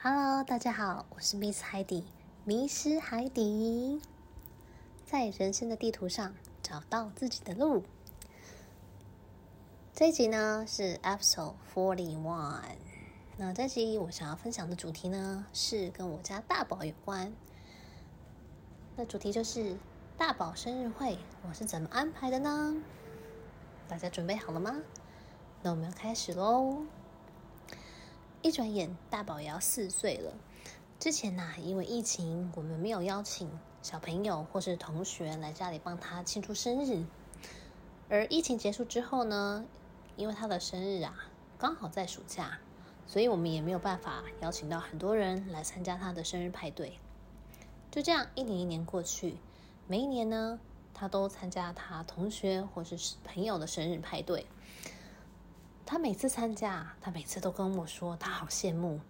Hello，大家好，我是 Miss 海底，迷失海底，在人生的地圖上找到自己的路。這一集呢是 Episode Forty One，那這集我想要分享的主題呢是跟我家大寶有關。那主題就是大寶生日會，我是怎麼安排的呢？大家準備好了嗎？那我們要開始嘍！一轉眼，大寶也要四歲了。之前呢、啊，因為疫情，我們沒有邀請小朋友或是同學來家裡幫他慶祝生日。而疫情結束之後呢，因為他的生日啊，剛好在暑假，所以我們也沒有辦法邀請到很多人來參加他的生日派對。就這樣，一年一年過去，每一年呢，他都參加他同學或是朋友的生日派對。他每次參加，他每次都跟我說他好羨慕，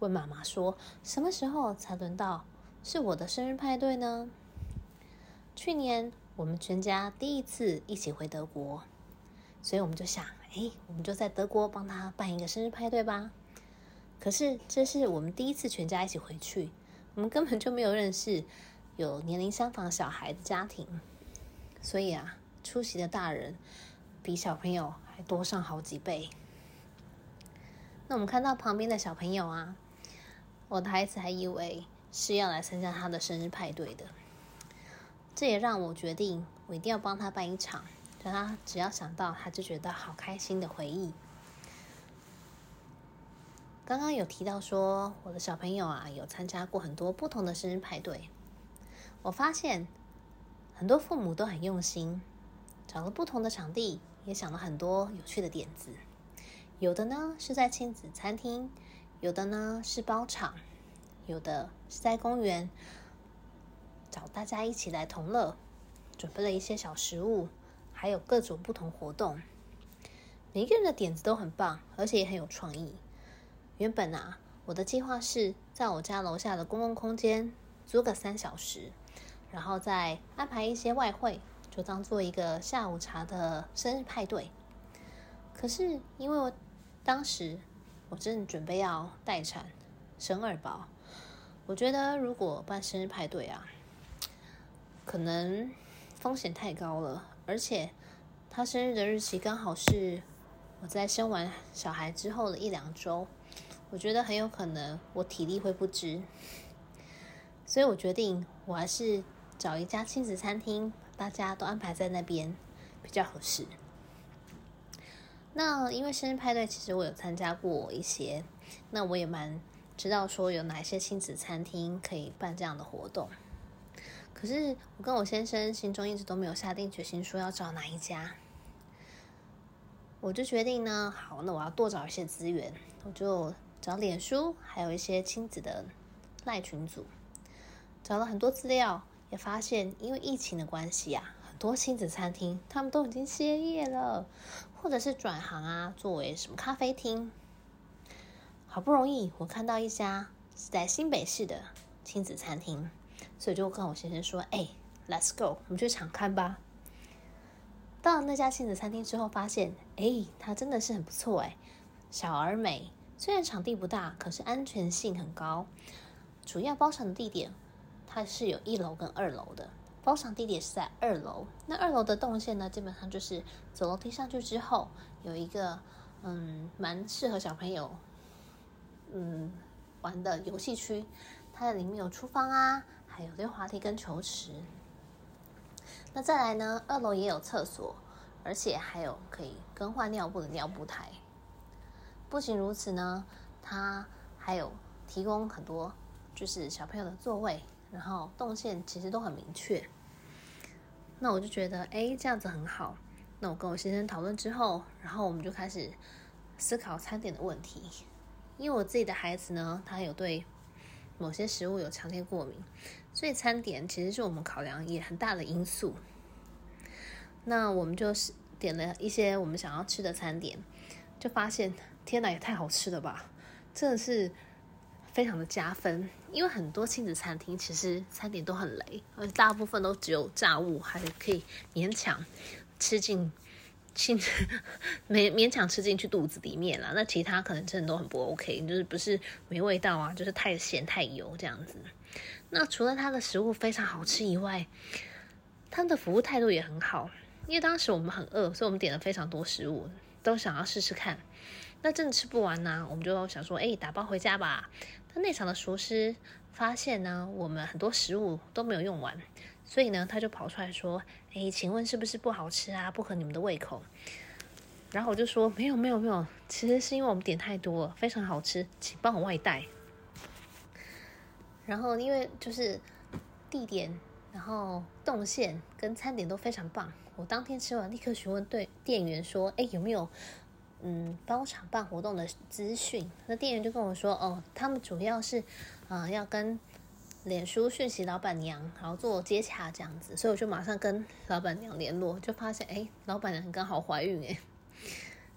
問媽媽說什麼時候才輪到是我的生日派對呢？去年我們全家第一次一起回德國，所以我們就想，誒，我們就在德國幫他辦一個生日派對吧。可是這是我們第一次全家一起回去，我們根本就沒有認識有年齡相仿小孩的家庭，所以啊，出席的大人比小朋友還多上好幾倍。那我們看到旁邊的小朋友啊，我的孩子還以為是要來參加他的生日派對的。這也讓我決定，我一定要幫他辦一場，讓他只要想到，他就覺得好開心的回憶。剛剛有提到說，我的小朋友啊，有參加過很多不同的生日派對。我發現很多父母都很用心，找了不同的場地。也想了很多有趣的點子，有的呢是在親子餐廳，有的呢是包場，有的是在公園，找大家一起來同樂，準備了一些小食物，還有各種不同活動。每一個人的點子都很棒，而且也很有創意。原本啊，我的計劃是在我家樓下的公共空間租個三小時，然後再安排一些外燴。就當做一個下午茶的生日派對。可是因為我當時我正準備要待產生二寶，我覺得如果辦生日派對啊，可能風險太高了。而且他生日的日期剛好是我在生完小孩之後的一兩週，我覺得很有可能我體力會不支，所以我決定我還是，找一家親子餐廳，大家都安排在那邊比較合適。那因為生日派對，其實我有參加過一些，那我也蠻知道說有哪一些親子餐廳可以辦這樣的活動。可是我跟我先生心中一直都沒有下定決心說要找哪一家，我就決定呢，好，那我要多找一些資源，我就找臉書，還有一些親子的賴群組，找了很多資料。也發現因為疫情的關係啊，很多親子餐廳他們都已經歇業了，或者是轉行啊，作為什麼咖啡廳。好不容易我看到一家是在新北市的親子餐廳，所以就跟我先生說：“欸，Let's go，我們去嘗看吧。”到了那家親子餐廳之後，發現欸，它真的是很不錯欸，小而美。雖然場地不大，可是安全性很高，主要包場的地點。它是有一樓跟二樓的，包場地點是在二樓。那二樓的動線呢，基本上就是走樓梯上去之後，有一個嗯蠻適合小朋友嗯玩的遊戲區，它的裡面有廚房啊，還有溜滑梯跟球池。那再來呢，二樓也有廁所，而且還有可以更換尿布的尿布台。不僅如此呢，它還有提供很多就是小朋友的座位。然後動線其實都很明確，那我就覺得哎，這樣子很好。那我跟我先生討論之後，然後我們就開始思考餐點的問題，因為我自己的孩子呢，他有對某些食物有強烈過敏，所以餐點其實是我們考量也很大的因素。那我們就是點了一些我們想要吃的餐點，就發現，天哪，也太好吃了吧！真的是。非常的加分，因為很多親子餐廳其實餐點都很雷，而且大部分都只有炸物，還可以勉強吃進去，沒勉強吃進去肚子裡面了。那其他可能真的都很不 OK，就是不是沒味道啊，就是太鹹太油這樣子。那除了它的食物非常好吃以外，他的服務態度也很好。因為當時我們很餓，所以我們點了非常多食物，都想要試試看。那真的吃不完呢、啊，我們就想說，哎、欸，打包回家吧。那場的廚師發現呢，我們很多食物都沒有用完，所以呢，他就跑出來說：“哎、欸，請問是不是不好吃啊？不合你們的胃口？”然後我就說：“沒有，沒有，沒有，其實是因為我們點太多了，非常好吃，請幫我外帶。”然後因為就是地點，然後動線跟餐點都非常棒，我當天吃完立刻詢問對店員說：“哎、欸，有沒有？”嗯，包場辦活動的資訊，那店員就跟我說，哦，他們主要是，啊、呃，要跟臉書訊息老板娘，然後做接洽這樣子，所以我就馬上跟老板娘聯絡，就發現，哎、欸，老板娘剛好懷孕、欸，哎，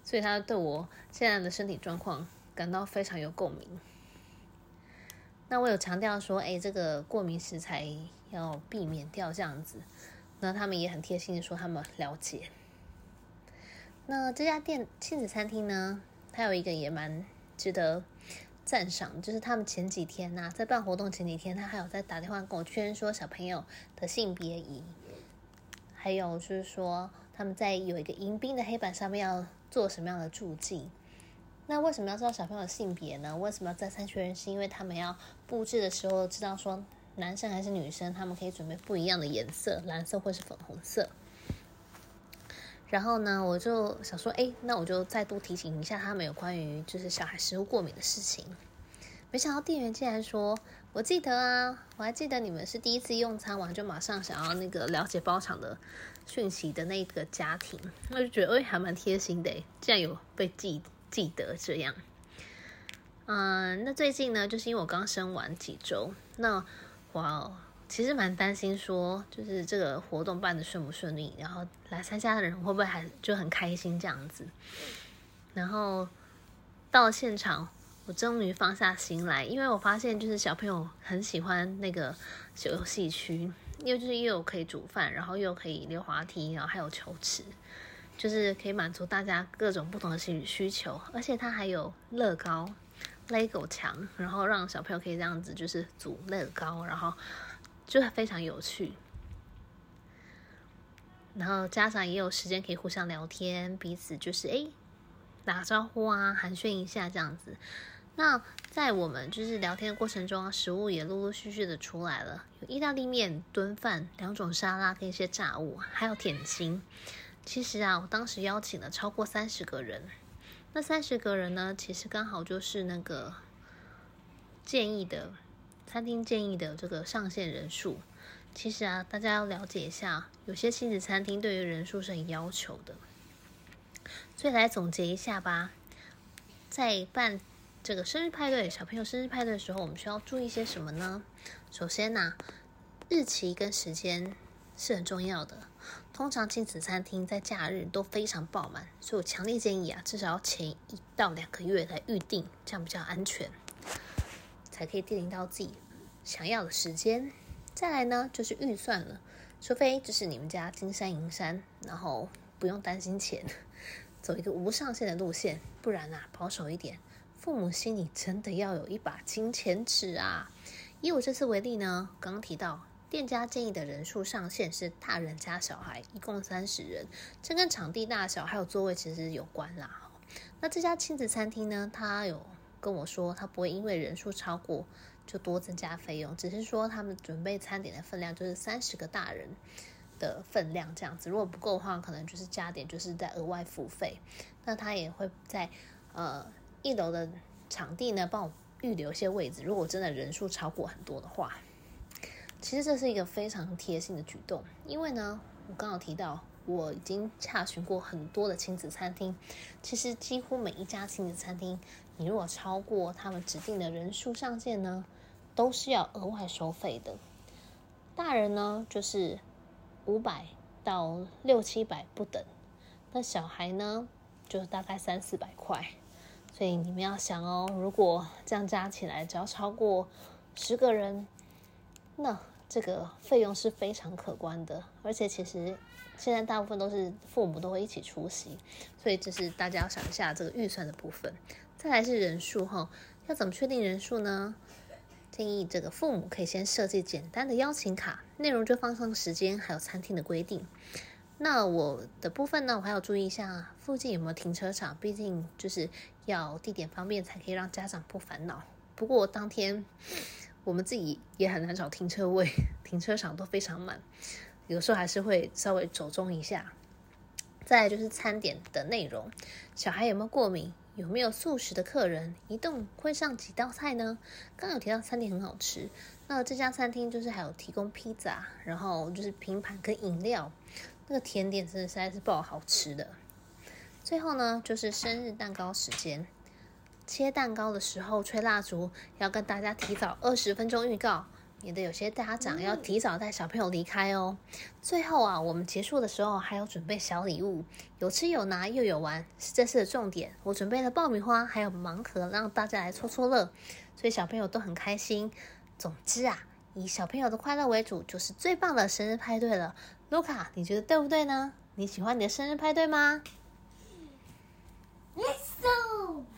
所以她對我現在的身體狀況感到非常有共鳴。那我有強調說，哎、欸，這個過敏食材要避免掉這樣子，那他們也很貼心的說他們了解。那這家店親子餐廳呢，他有一個也蠻值得讚賞，就是他們前幾天吶、啊，在辦活動前幾天，他還有在打電話跟我確認說小朋友的性別儀，還有就是說他們在有一個迎賓的黑板上面要做什麼樣的注記。那為什麼要知道小朋友的性別呢？為什麼要再三確認？是因為他們要佈置的時候知道說男生還是女生，他們可以準備不一樣的顏色，藍色或是粉紅色。然後呢，我就想說，哎，那我就再多提醒一下他們有關於就是小孩食物過敏的事情。沒想到店員竟然說，我記得啊，我還記得你們是第一次用餐完就馬上想要那個了解包場的訊息的那個家庭，我就覺得，哎，還蠻貼心的，這竟然有被記記得這樣。嗯，那最近呢，就是因為我剛生完幾周，那，哇哦。其實蠻擔心說就是這個活動辦得順不順利，然後來參加的人會不會還就很開心這樣子。然後到了現場，我終於放下心來，因為我發現就是小朋友很喜歡那個遊戲區，因為就是又可以煮飯，然後又可以溜滑梯，然後還有球池，就是可以滿足大家各種不同的心理需求。而且它還有樂高 LEGO 牆，然後讓小朋友可以這樣子就是組樂高，然後。就是非常有趣，然後家長也有時間可以互相聊天，彼此就是哎、欸、打招呼啊，寒暄一下這樣子。那在我們就是聊天的過程中，食物也陸陸續續的出來了，有意大利麵、燉飯、兩種沙拉跟一些炸物，還有點心。其實啊，我當時邀請了超過三十個人，那三十個人呢，其實剛好就是那個建議的。餐廳建議的這個上限人數，其實啊，大家要了解一下，有些親子餐廳對於人數是很要求的。所以來總結一下吧，在辦這個生日派對、小朋友生日派對的時候，我們需要注意些什麼呢？首先呢啊，日期跟時間是很重要的。通常親子餐廳在假日都非常爆滿，所以我強烈建議啊，至少要前一到兩個月來預定，這樣比較安全。才可以訂到自己想要的時間。再來呢，就是預算了，除非這是你們家金山銀山，然後不用擔心錢，走一個無上限的路線，不然啊，保守一點，父母心裡真的要有一把金錢尺啊。以我這次為例呢，剛剛提到店家建議的人數上限是大人加小孩，一共三十人，這跟場地大小還有座位其實是有關啦。那這家親子餐廳呢，它有。跟我說，他不會因為人數超過就多增加費用，只是說他們準備餐點的分量就是三十個大人的分量這樣子。如果不夠的話，可能就是加點，就是在額外付費。那他也會在呃一樓的場地呢幫我預留一些位置，如果真的人數超過很多的話。其實這是一個非常貼心的舉動，因為呢我剛好提到。我已經查詢過很多的親子餐廳，其實幾乎每一家親子餐廳，你如果超過他們指定的人數上限呢，都是要額外收費的。大人呢就是五百到六七百不等，那小孩呢就是大概三四百塊。所以你們要想哦，如果這樣加起來只要超過十個人，那。這個費用是非常可觀的，而且其實現在大部分都是父母都會一起出席，所以這是大家要想一下這個預算的部分。再來是人數哈，要怎麼確定人數呢？建議這個父母可以先設計簡單的邀請卡，內容就放上時間，還有餐廳的規定。那我的部分呢，我還要注意一下附近有沒有停車場，畢竟就是要地點方便，才可以讓家長不煩惱。不過當天。我們自己也很難找停車位，停車場都非常滿，有時候還是會稍微走中一下。再來就是餐點的內容，小孩有沒有過敏？有沒有素食的客人？一頓會上幾道菜呢？剛有提到餐點很好吃，那這家餐廳就是還有提供披薩，然後就是平盤跟飲料，那個甜點是，不是實在是爆好，好吃的。最後呢，就是生日蛋糕時間。切蛋糕的時候吹蠟燭，要跟大家提早二十分鐘預告，免得有些家長要提早帶小朋友離開哦。嗯、最後啊，我們結束的時候還要準備小禮物，有吃有拿又有玩，是這次的重點。我準備了爆米花，還有盲盒，讓大家來戳戳樂，所以小朋友都很開心。總之啊，以小朋友的快樂為主，就是最棒的生日派對了。盧卡，你覺得對不對呢？你喜歡你的生日派對嗎？Let's go.、Yes, so.